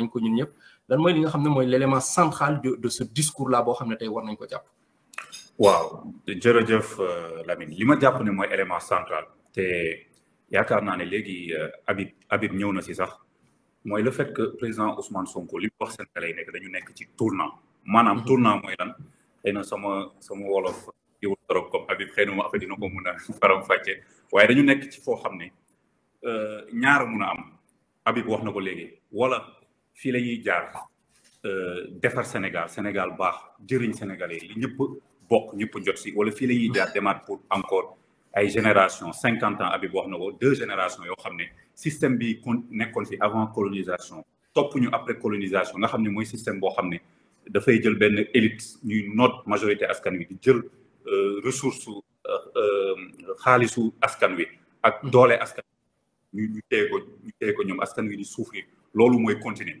nañ ko ñun ñëpp lan mooy li nga xam ne mooy l'élément central de de ce discours là boo xam ne tey war nañ ko jàpp. waaw jërëjëf euh, Lamine li ma jàpp ne mooy élément central te yaakaar naa ne léegi euh, Habib Habib ñëw na si sax mooy le fait que président Ousmane Sonko li mu wax Sénégalais yi nekk dañu nekk ci tournant maanaam mhm. tournant mooy lan xëy na sama sama wolof yiwul torop comme Habib xëy na ma dina ko mun a faram fàcce waaye dañu nekk ci foo xam ne euh, ñaar mun a am Habib wax na ko léegi wala fii la ñuy jaar euh, defar Sénégal Sénégal baax jëriñ sénégalais yi ñëpp bokk ñëpp njot si wala fii la ñuy jaar demaat pour encore ay génération 50 ans Habib wax na ko deux générations yoo xam ne système bi kon nekkoon fi avant colonisation topp ñu après colonisation nga xam ne mooy système boo xam ne dafay jël benn élite ñuy noot majorité askan wi di jël euh, ressource euh, xaalisu askan wi ak doole askan ñu ñu téye ko ñu téye ko ñoom askan wi di souffrir loolu mooy continuer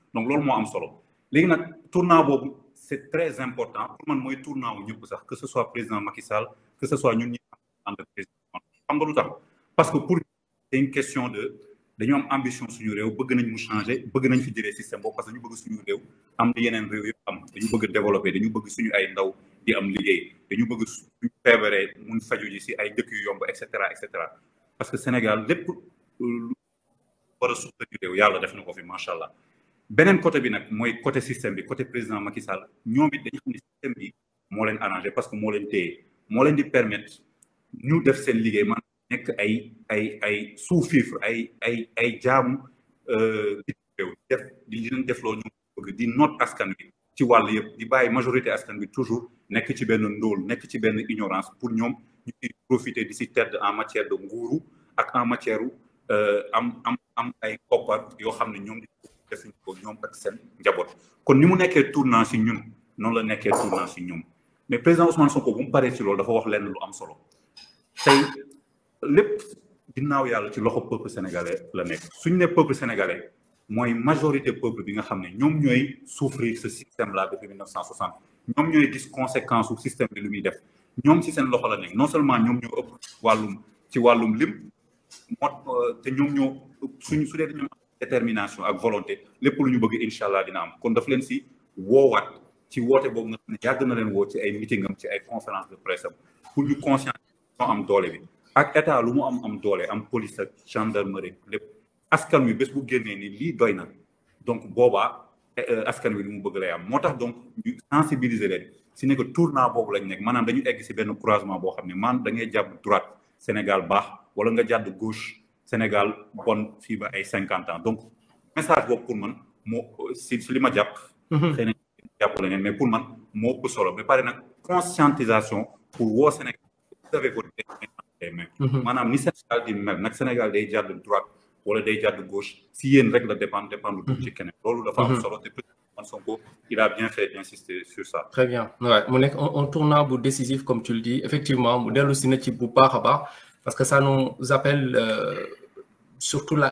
donc loolu mo am solo légui nak tournant bobu c'est très important pour man moy tournant ñep sax que ce soit président Macky Sall que ce soit ñun ñi ànd ak président xam nga lu parce que pour c'est une question de dañu am ambition suñu réew bëgg nañ mu changer bëgg nañ fi jëlee système boobu parce que ñu bëgg suñu réew am na yenen réew yu am dañu bëgg développer dañu bëgg suñu ay ndaw di am liggéey dañu bëgg suñu feebaree mun faju ji si ay dëkk yu yomb et cetera et cetera parce que Sénégal lépp euh, lu war a suqali réew yàlla def na ko fi macha allah benen côté bi nak moy côté système bi côté président Macky Sall ñoom it dañu xam système bi mo leen arranger parce que mo leen téye mo leen di permettre ñu def seen liggéey man nek ay ay ay sous-fifre ay ay ay jaamu euh def di leen lo ñu bëgg di note askan bi ci wàll yëpp di bàyyi majorité askan bi toujours nekk ci benn ndóol nekk ci benn ignorance pour ñoom ñu ci profiter di si tedd en matière de nguuru ak en matière euh, am am am ay koppar yoo xam ne ñoom defuñ ko ñoom ak seen njaboot kon ni mu nekkee tournant si ñun noonu la nekkee tournant si ñoom mais président Ousmane Sonko bu mu paree ci loolu dafa wax lenn lu am solo tey lépp ginnaaw yàlla ci loxo peuple sénégalais la nekk suñ ne peuple sénégalais mooy majorité peuple bi nga xam ne ñoom ñooy souffrir ce système là depuis 1960 ñoom ñooy gis conséquence su système bi lu muy def ñoom si seen loxo la nekk non seulement ñoom ñoo ëpp wàllum ci wàllum lim moo euh, te ñoom ñoo suñ su dee dañoo détermination ak volonté lépp lu ñu bëgg incha allah dina am kon daf leen si woowaat ci woote boobu nga xam ne yàgg na leen woo ci ay meeting am ci ay conférence de presse am pour ñu conscience am doole bi ak état lu mu am am doole am police ak gendarmerie lépp askan wi bés bu génnee ni lii doy na donc boobaa eh, eh, askan wi lu mu bëgg lay am moo tax donc ñu sensibiliser leen si ne que tournant boobu lañ nekk maanaam dañu egg si benn croisement boo xam ne man da ngay jàpp droite Sénégal baax wala nga jàdd gauche Sénégal bonne fii ba ay 50 ans donc message pour man moo si si li ma mhm. mais pour man moo ëpp solo mais par nag conscientisation pour woo Sénégal vous avez votre main. Mhm. maanaam ni Sénégal di même, nag Sénégal day de droite le day de gauche si a rek règle dépend dépend du mhm. ci keneen loolu la am solo te président Sonko il a bien fait d'insister sur ça. très bien ouais on tourne un tournant beaucoup décisif comme tu le dis effectivement modèle dellu si na ci parce que ça nous appelle. Euh, surtout la